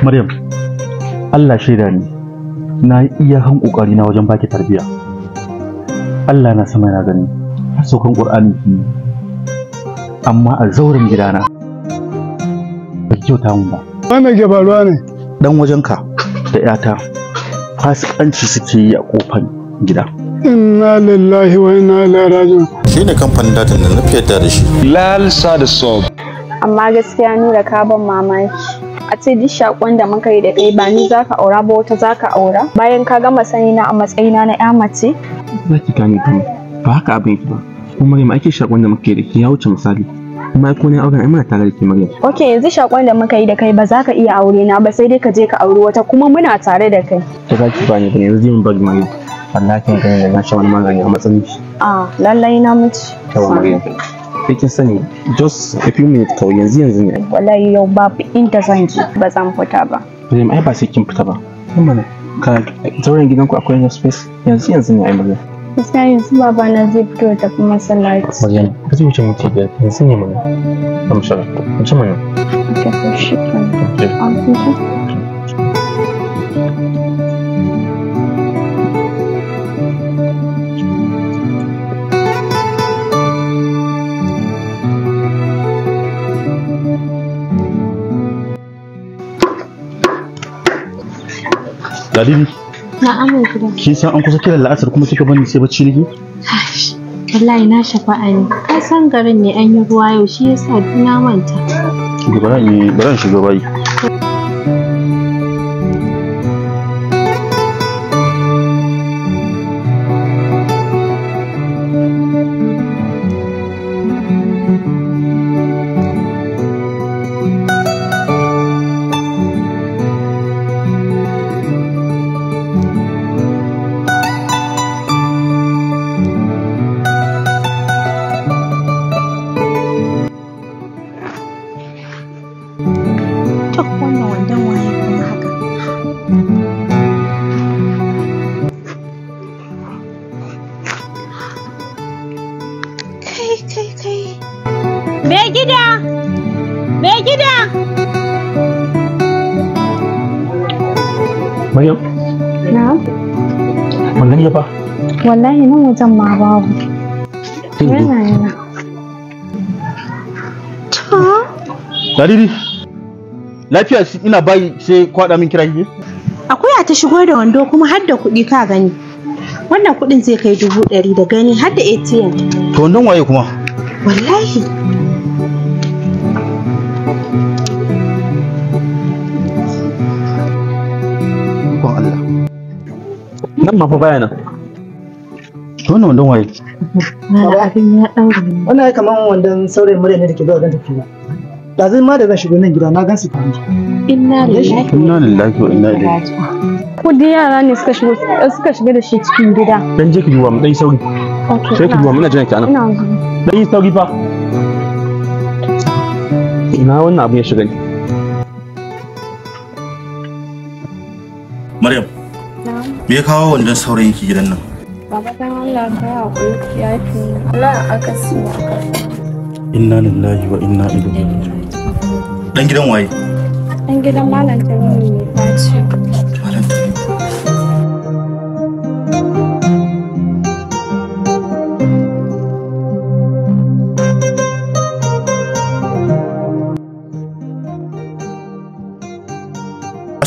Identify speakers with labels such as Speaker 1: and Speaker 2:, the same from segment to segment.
Speaker 1: Maryam, Allah shaida ne, na yi iyakan kokari na wajen baki tarbiyya. Allah na sama yana gani, har saukan ƙur'ani ki amma a zauren gidana ba ki kyauta mun ba. Wannan ke faruwa ne? Dan wajenka da 'yata fasikanci suke yi a ƙofar gida. Inna lillahi wa inna ilaihi raji'un. shine ne kamfanin datan da na fiyar da shi. lal da Amma gaskiya nura ka ban mamaki. a ce duk shakon da muka yi da kai ba ni zaka aura ba wata zaka aura bayan ka gama sani na a matsayina na ya mace za ki gane ba ba haka abin ba kuma Maryam ake shakon da muka yi da kai ya wuce misali kuma ko ne auren ai muna tare da ke Maryam okay yanzu shakon da muka yi da kai ba za ka iya aure na ba sai dai ka je ka auri wata kuma muna tare da kai to za ki bani yanzu zai mun bagi Maryam wallahi gani da na sha wani magani a matsayin shi a ah, lallai na miji yawa Maryam kai sani just a few minutes kawai yanzu yanzu ne wallahi yau babu inda zan je ba zan fita ba Maryam ai ba sai kin fita ba kuma ka zauren gidanku akwai space yanzu yanzu ne ai Maryam gaskiya yanzu baba na zai fito da kuma masallaci Maryam ka zai wuce mutu da yanzu ne mana amsha mu mana Ladidi. Na'am mai gida. Kin san an kusa kiran la'asar kuma kika bani sai bacci nake? Wallahi na shafa'a ne. Ka san garin ne an yi ruwa yau shi yasa na manta. Gibran ne, Gibran shugaba yi. kai kai Mai gida me gida Maryam na wannan ya wallahi nan wajen ma babu yana yana lafiya ina bayi sai kwada min kira kike akuya ta shigo da wando kuma har da kuɗi ka gani wannan kuɗin zai kai dubu ɗari da gani har da atm to wannan waye kuma wallahi nan ma fa baya nan to wannan wandon waye wannan ya kaman wandon saurayin murya ne da ke zuwa don tafiya lazim ma da zan shigo nan gida na gan su tare inna lillahi inna lillahi wa inna ilaihi ko dai yara ne suka shigo suka shiga da shi cikin gida dan je ki duba mu dai sauri sai ki duba muna jiran ki anan yi sauri fa ina wannan abu ya shiga ni Maryam me ya kawo wannan saurayin ki gidan nan Baba dan Allah ka hakuri ya Allah aka siya Inna lillahi wa inna ilaihi raji'un Dan gidan waye Dan gidan Malam Jamilu ne ce.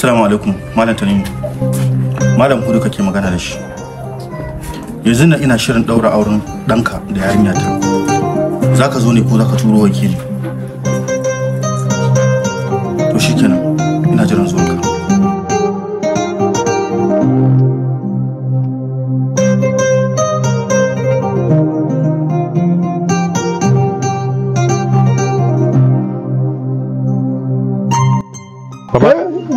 Speaker 1: assalamu alaikum malam tanimu malam kudu kake magana da shi yanzu na ina shirin daura auren ɗanka da yarinya ta za ka zo ne ko za ka turo wakili to shikenan ina jiran zuwanka ka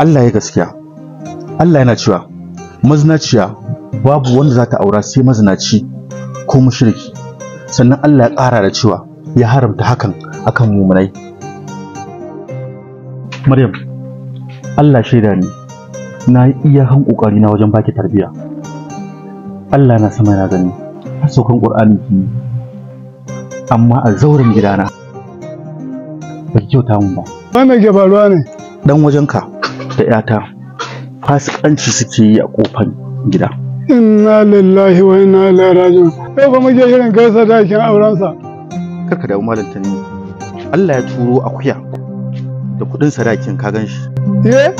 Speaker 1: Allah ya gaskiya Allah yana cewa mazinaciya babu wanda za ta aura sai mazinaci ko mushriki sannan Allah ya ƙara da cewa ya haramta hakan akan mumunai Maryam Allah shaida ne na yi iyakan ƙoƙari na wajen baki tarbiyya Allah na sama yana gani har saukan ƙur'ani ki amma a zauren gidana ba ki kyauta mun ba. mai ke ne? Dan wajenka. da ‘yata fasikanci suke yi a kofar gida. Inna lillahi wa inna ilaihi raji'un. Yau ba muke shirin gaisa da aikin aurensa. Karka da malam Tanimu. Allah ya turo akuya da kuɗin sadakin ka gan shi. Eh?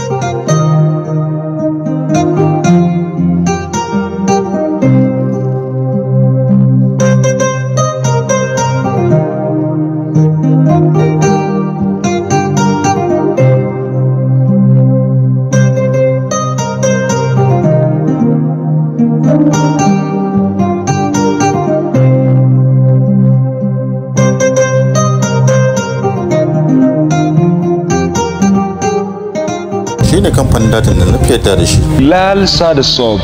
Speaker 1: shine kamfanin datan da na fi da shi lal sada sob